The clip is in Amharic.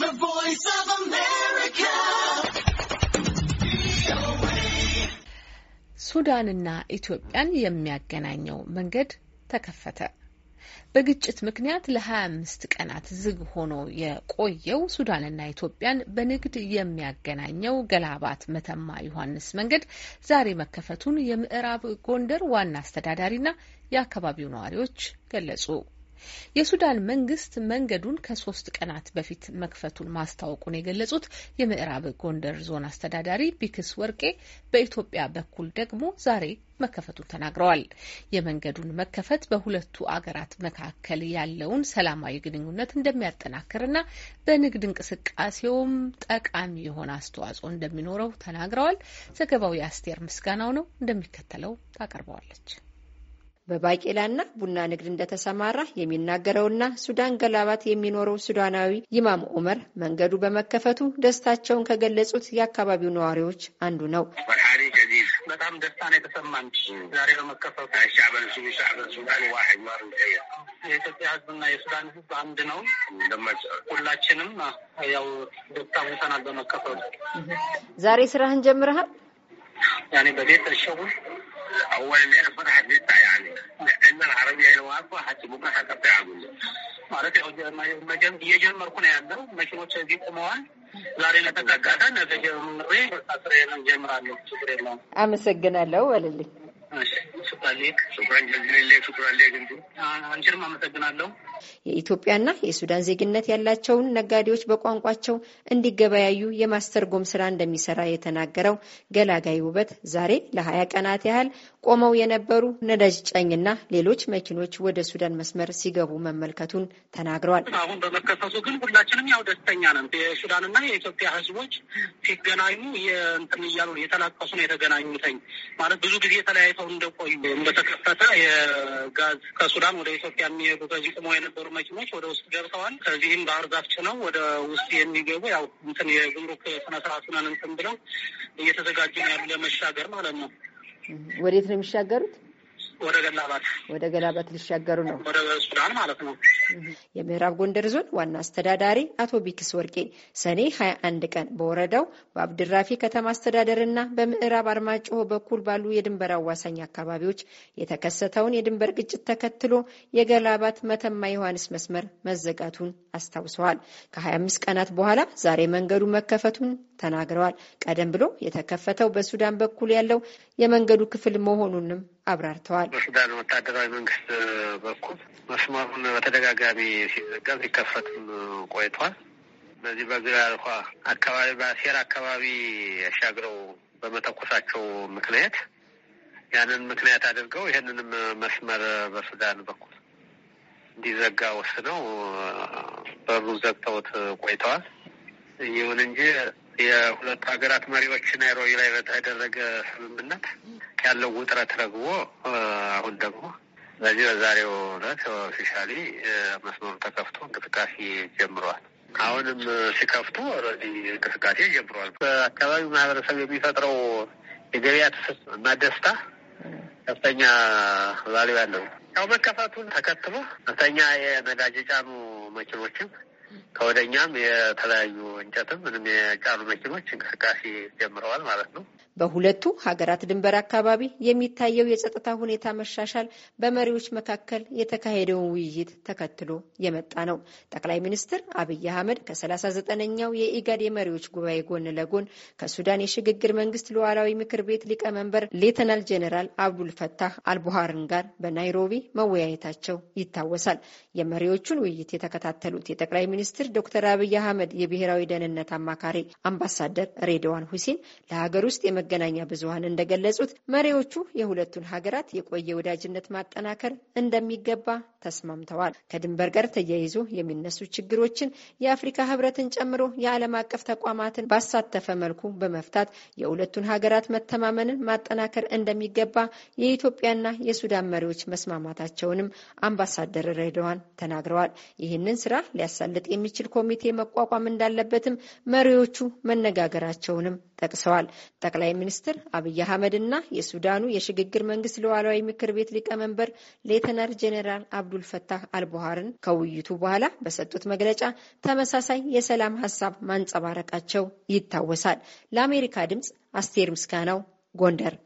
The Voice of America. ሱዳንና ኢትዮጵያን የሚያገናኘው መንገድ ተከፈተ። በግጭት ምክንያት ለ25 ቀናት ዝግ ሆኖ የቆየው ሱዳንና ኢትዮጵያን በንግድ የሚያገናኘው ገላባት መተማ ዮሐንስ መንገድ ዛሬ መከፈቱን የምዕራብ ጎንደር ዋና አስተዳዳሪና የአካባቢው ነዋሪዎች ገለጹ። የሱዳን መንግስት መንገዱን ከሶስት ቀናት በፊት መክፈቱን ማስታወቁን የገለጹት የምዕራብ ጎንደር ዞን አስተዳዳሪ ቢክስ ወርቄ በኢትዮጵያ በኩል ደግሞ ዛሬ መከፈቱን ተናግረዋል። የመንገዱን መከፈት በሁለቱ አገራት መካከል ያለውን ሰላማዊ ግንኙነት እንደሚያጠናክርና በንግድ እንቅስቃሴውም ጠቃሚ የሆነ አስተዋጽኦ እንደሚኖረው ተናግረዋል። ዘገባው የአስቴር ምስጋናው ነው፣ እንደሚከተለው ታቀርበዋለች። በባቄላና ቡና ንግድ እንደተሰማራ የሚናገረውና ሱዳን ገላባት የሚኖረው ሱዳናዊ ይማም ኦመር መንገዱ በመከፈቱ ደስታቸውን ከገለጹት የአካባቢው ነዋሪዎች አንዱ ነው። በጣም ደስታ ነው የተሰማን ዛሬ በመከፈቱ። የኢትዮጵያ ሕዝብና የሱዳን ሕዝብ አንድ ነው። ሁላችንም ያው ደስታ ሙሰናል በመከፈቱ። ዛሬ ስራህን ጀምረሃል? ያኔ በቤት እሸጉ اول ما فتحت لسه يعني لان العربيه ነው አልኩ ሀኪሙ ጋር አቀበያሉኝ ማለት ያው መጀም እየጀመርኩ ነው ያለው። መኪኖች እዚህ ቆመዋል። ዛሬ ለተጠቃቀ ነገ ጀምሬ ስራዬን ጀምራለሁ። ችግር የለውም። አመሰግናለሁ። ወልልኝ ሽኩራሌክ ሽኩራን ጀዝሌሌ ሽኩራሌክ እንዲ አንቺንም አመሰግናለሁ። የኢትዮጵያና የሱዳን ዜግነት ያላቸውን ነጋዴዎች በቋንቋቸው እንዲገበያዩ የማስተርጎም ስራ እንደሚሰራ የተናገረው ገላጋይ ውበት ዛሬ ለሀያ ቀናት ያህል ቆመው የነበሩ ነዳጅ ጫኝና ሌሎች መኪኖች ወደ ሱዳን መስመር ሲገቡ መመልከቱን ተናግረዋል። አሁን በመከፈቱ ግን ሁላችንም ያው ደስተኛ ነን። የሱዳንና የኢትዮጵያ ህዝቦች ሲገናኙ እንትን እያሉ የተላቀሱ ነው የተገናኙተኝ ማለት ብዙ ጊዜ ተለያይተው እንደቆዩ እንደተከፈተ የጋዝ ከሱዳን ወደ ኢትዮጵያ የሚሄዱ በዚህ ቁሞ የነበሩ መኪኖች ወደ ውስጥ ገብተዋል። ከዚህም ባህር ዛፍች ነው ወደ ውስጥ የሚገቡ ያው እንትን የጉምሩክ ስነስርዓቱን እንትን ብለው እየተዘጋጁ ነው ያሉ ለመሻገር ማለት ነው። ወዴት ነው የሚሻገሩት? ወደ ገላባት ወደ ገላባት ሊሻገሩ ነው፣ ወደ ሱዳን ማለት ነው። የምዕራብ ጎንደር ዞን ዋና አስተዳዳሪ አቶ ቢክስ ወርቄ ሰኔ 21 ቀን በወረዳው በአብድራፊ ከተማ አስተዳደር እና በምዕራብ አርማጭሆ በኩል ባሉ የድንበር አዋሳኝ አካባቢዎች የተከሰተውን የድንበር ግጭት ተከትሎ የገላባት መተማ ዮሐንስ መስመር መዘጋቱን አስታውሰዋል። ከ25 ቀናት በኋላ ዛሬ መንገዱ መከፈቱን ተናግረዋል። ቀደም ብሎ የተከፈተው በሱዳን በኩል ያለው የመንገዱ ክፍል መሆኑንም አብራርተዋል። በሱዳን ወታደራዊ መንግስት በኩል መስመሩን በተደጋ በተደጋጋሚ ሲዘጋ ሲከፈትም ቆይቷል። በዚህ አልኳ አካባቢ በአሴር አካባቢ ያሻግረው በመተኮሳቸው ምክንያት ያንን ምክንያት አድርገው ይህንንም መስመር በሱዳን በኩል እንዲዘጋ ወስነው በሩ ዘግተውት ቆይተዋል። ይሁን እንጂ የሁለቱ ሀገራት መሪዎች ናይሮቢ ላይ በተደረገ ስምምነት ያለው ውጥረት ረግቦ አሁን ደግሞ በዚህ በዛሬው ዕለት ኦፊሻሊ መስመሩ ተከፍቶ እንቅስቃሴ ጀምሯል። አሁንም ሲከፍቱ ኦልሬዲ እንቅስቃሴ ጀምሯል። በአካባቢው ማህበረሰብ የሚፈጥረው የገበያ ትስስ እና ደስታ ከፍተኛ ቫሉ ያለው ያው መከፈቱን ተከትሎ ከፍተኛ የነዳጅ የጫኑ መኪኖችም ከወደኛም የተለያዩ እንጨትም ምንም የጫኑ መኪኖች እንቅስቃሴ ጀምረዋል ማለት ነው። በሁለቱ ሀገራት ድንበር አካባቢ የሚታየው የጸጥታ ሁኔታ መሻሻል በመሪዎች መካከል የተካሄደውን ውይይት ተከትሎ የመጣ ነው። ጠቅላይ ሚኒስትር አብይ አህመድ ከ39ኛው የኢጋድ የመሪዎች ጉባኤ ጎን ለጎን ከሱዳን የሽግግር መንግስት ሉዓላዊ ምክር ቤት ሊቀመንበር ሌተናል ጄኔራል አብዱልፈታህ አልቡሃርን ጋር በናይሮቢ መወያየታቸው ይታወሳል። የመሪዎቹን ውይይት የተከታተሉት የጠቅላይ ሚኒስትር ዶክተር አብይ አህመድ የብሔራዊ ደህንነት አማካሪ አምባሳደር ሬድዋን ሁሴን ለሀገር ውስጥ መገናኛ ብዙሀን እንደገለጹት መሪዎቹ የሁለቱን ሀገራት የቆየ ወዳጅነት ማጠናከር እንደሚገባ ተስማምተዋል። ከድንበር ጋር ተያይዞ የሚነሱ ችግሮችን የአፍሪካ ህብረትን ጨምሮ የዓለም አቀፍ ተቋማትን ባሳተፈ መልኩ በመፍታት የሁለቱን ሀገራት መተማመንን ማጠናከር እንደሚገባ የኢትዮጵያና የሱዳን መሪዎች መስማማታቸውንም አምባሳደር ሬድዋን ተናግረዋል። ይህንን ስራ ሊያሳልጥ የሚችል ኮሚቴ መቋቋም እንዳለበትም መሪዎቹ መነጋገራቸውንም ጠቅሰዋል። ጠቅላይ ጠቅላይ ሚኒስትር አብይ አህመድ እና የሱዳኑ የሽግግር መንግስት ሉዓላዊ ምክር ቤት ሊቀመንበር ሌተናር ጄኔራል አብዱል ፈታህ አልቡሃርን ከውይይቱ በኋላ በሰጡት መግለጫ ተመሳሳይ የሰላም ሀሳብ ማንጸባረቃቸው ይታወሳል። ለአሜሪካ ድምፅ አስቴር ምስጋናው ጎንደር